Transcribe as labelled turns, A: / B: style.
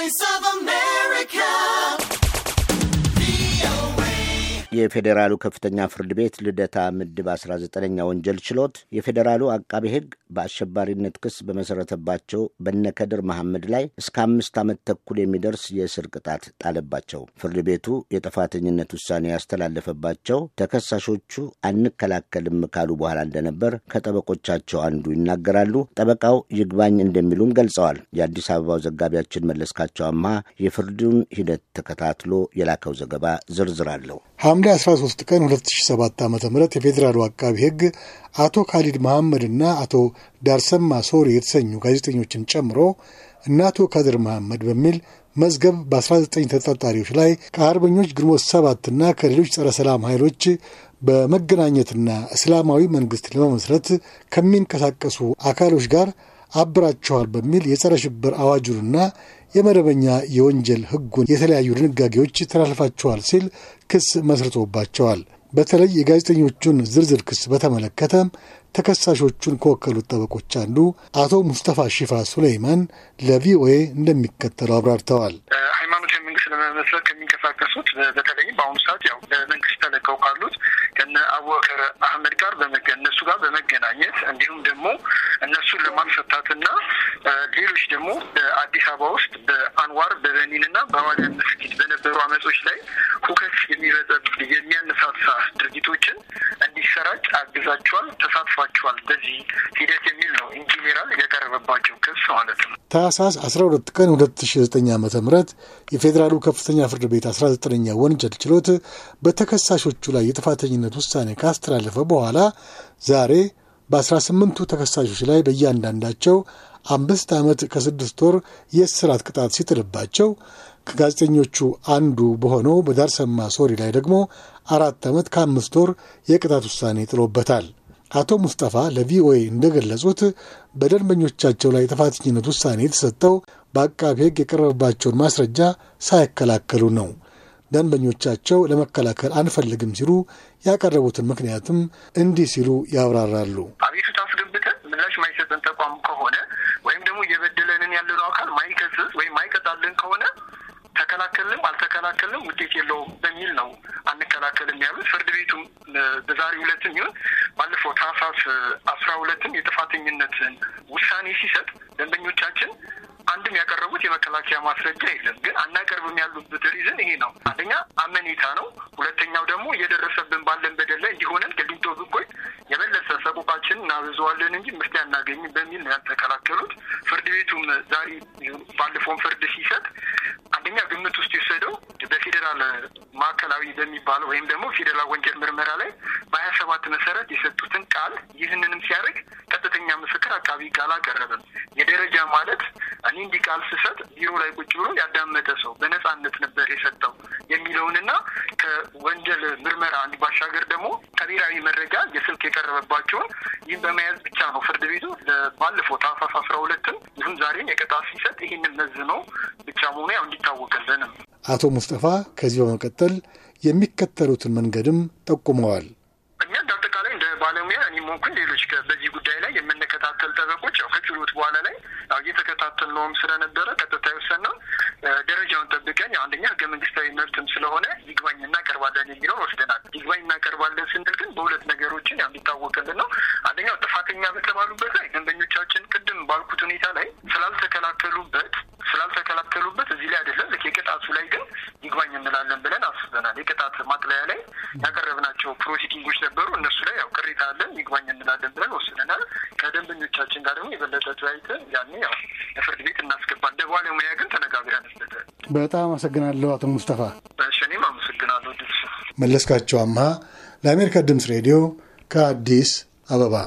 A: Voice of
B: የፌዴራሉ ከፍተኛ ፍርድ ቤት ልደታ ምድብ 19ኛ ወንጀል ችሎት የፌዴራሉ አቃቢ ሕግ በአሸባሪነት ክስ በመሰረተባቸው በነከድር መሐመድ ላይ እስከ አምስት ዓመት ተኩል የሚደርስ የእስር ቅጣት ጣለባቸው። ፍርድ ቤቱ የጥፋተኝነት ውሳኔ ያስተላለፈባቸው ተከሳሾቹ አንከላከልም ካሉ በኋላ እንደነበር ከጠበቆቻቸው አንዱ ይናገራሉ። ጠበቃው ይግባኝ እንደሚሉም ገልጸዋል። የአዲስ አበባው ዘጋቢያችን መለስካቸው አማ የፍርዱን ሂደት ተከታትሎ የላከው ዘገባ ዝርዝር አለው።
C: ሐምሌ 13 ቀን 2007 ዓ ም የፌዴራሉ አቃቢ ሕግ አቶ ካሊድ መሐመድና አቶ ዳርሰማ ሶሪ የተሰኙ ጋዜጠኞችን ጨምሮ እነ አቶ ካድር መሐመድ በሚል መዝገብ በ19 ተጠርጣሪዎች ላይ ከአርበኞች ግንቦት ሰባትና ከሌሎች ጸረ ሰላም ኃይሎች በመገናኘትና እስላማዊ መንግስት ለመመስረት ከሚንቀሳቀሱ አካሎች ጋር አብራቸዋል በሚል የጸረ ሽብር አዋጁንና የመደበኛ የወንጀል ህጉን የተለያዩ ድንጋጌዎች ተላልፋቸዋል ሲል ክስ መስርቶባቸዋል። በተለይ የጋዜጠኞቹን ዝርዝር ክስ በተመለከተ ተከሳሾቹን ከወከሉት ጠበቆች አንዱ አቶ ሙስጠፋ ሺፋ ሱሌይማን ለቪኦኤ እንደሚከተለው አብራርተዋል።
A: ሃይማኖት መንግስት ለመመስረት ከሚንቀሳቀሱት በተለይም በአሁኑ ሰዓት ያው ለመንግስት ተለቀው ካሉት ከነ አቡበከር አህመድ ጋር እነሱ ጋር በመገናኘት እንዲሁም ደግሞ ሌሎች ደግሞ በአዲስ አበባ ውስጥ በአንዋር በበኒን እና በአዋሊያ መስጊድ በነበሩ አመጾች ላይ ሁከት የሚበጠብ የሚያነሳሳ ድርጊቶችን እንዲሰራጭ አግዛቸዋል፣ ተሳትፏቸዋል በዚህ ሂደት የሚል ነው ኢንጂኔራል የቀረበባቸው ክስ
C: ማለት ነው። ታህሳስ 12 ቀን 2009 ዓ ም የፌዴራሉ ከፍተኛ ፍርድ ቤት 19ኛ ወንጀል ችሎት በተከሳሾቹ ላይ የጥፋተኝነት ውሳኔ ካስተላለፈ በኋላ ዛሬ በ18ቱ ተከሳሾች ላይ በእያንዳንዳቸው አምስት ዓመት ከስድስት ወር የእስራት ቅጣት ሲጥልባቸው ከጋዜጠኞቹ አንዱ በሆነው በዳርሰማ ሶሪ ላይ ደግሞ አራት ዓመት ከአምስት ወር የቅጣት ውሳኔ ጥሎበታል። አቶ ሙስጠፋ ለቪኦኤ እንደገለጹት በደንበኞቻቸው ላይ የጥፋተኝነት ውሳኔ የተሰጠው በአቃቤ ሕግ የቀረበባቸውን ማስረጃ ሳያከላከሉ ነው። ደንበኞቻቸው ለመከላከል አንፈልግም ሲሉ ያቀረቡትን ምክንያትም እንዲህ ሲሉ ያብራራሉ። አቤቱታ አስገብተን ምላሽ ማይሰጠን ተቋም ከሆነ
A: ወይም ደግሞ እየበደለንን ያለነው አካል ማይከስስ ወይም ማይቀጣልን ከሆነ ተከላከልም አልተከላከልም ውጤት የለውም በሚል ነው አንከላከልም ያሉት። ፍርድ ቤቱም በዛሬ ሁለትም ይሁን ባለፈው ታህሳስ አስራ ሁለትም የጥፋተኝነትን ውሳኔ ሲሰጥ ደንበኞቻችን አንድም ያቀረቡት የመከላከያ ማስረጃ የለም። ግን አና እየሰሩን ያሉበት ሪዝን ይሄ ነው። አንደኛ አመኔታ ነው። ሁለተኛው ደግሞ እየደረሰብን ባለን በደል ላይ እንዲሆነን ቅሊንጦ ብቆይ የመለሰ ሰቆቃችን እናብዘዋለን እንጂ ምርት አናገኝም በሚል ነው ያልተከላከሉት። ፍርድ ቤቱም ዛሬ ባለፈውን ፍርድ ሲሰጥ አንደኛ ግምት ውስጥ የወሰደው በፌዴራል ማዕከላዊ በሚባለው ወይም ደግሞ ፌዴራል ወንጀል ምርመራ ላይ በሀያ ሰባት መሰረት የሰጡትን ቃል ይህንንም ሲያደርግ ቀጥተኛ ምስክር አቃቢ ቃል አቀረበም የደረጃ ማለት እኔ እንዲህ ቃል ስሰጥ ቢሮ ላይ ቁጭ ብሎ ያዳመጠ ሰው በነፃነት ነበር የሰጠው የሚለውንና ከወንጀል ምርመራ ባሻገር ደግሞ ከብሔራዊ መረጃ የስልክ የቀረበባቸውን ይህን በመያዝ ብቻ ነው ፍርድ ቤቱ ባለፈው ታህሳስ አስራ ሁለትም ይሁን ዛሬም የቅጣት ሲሰጥ ይህንን ነው ብቻ መሆኑ ያው እንዲታወቅልን
C: አቶ ሙስጠፋ ከዚህ በመቀጠል የሚከተሉትን መንገድም ጠቁመዋል። ሆንኩኝ ሌሎች በዚህ ጉዳይ ላይ የምንከታተል
A: ጠበቆች ያው ከችሎት በኋላ ላይ ያው ነውም ስለነበረ ቀጥታ ነው ደረጃውን ጠብቀን ያው አንደኛ ህገ መንግስታዊ መብትም ስለሆነ ይግባኝ እናቀርባለን የሚለውን ወስደናል። ይግባኝ እናቀርባለን ስንል ግን በሁለት ነገሮችን ያው የሚታወቅልን ነው። አንደኛው ጥፋተኛ በተባሉበት ላይ ደንበኞቻችን ቅድም ባልኩት ሁኔታ ላይ እና ከደንበኞቻችን ጋር ደግሞ የበለጠ ተወያይተን ያኔ ያው ፍርድ ቤት እናስገባል። እንደ ባለሙያ ግን ተነጋግረን
C: በጣም አመሰግናለሁ አቶ ሙስጠፋ።
A: እሺ እኔም አመሰግናለሁ።
C: መለስካቸው አምሃ ለአሜሪካ ድምፅ ሬዲዮ ከአዲስ አበባ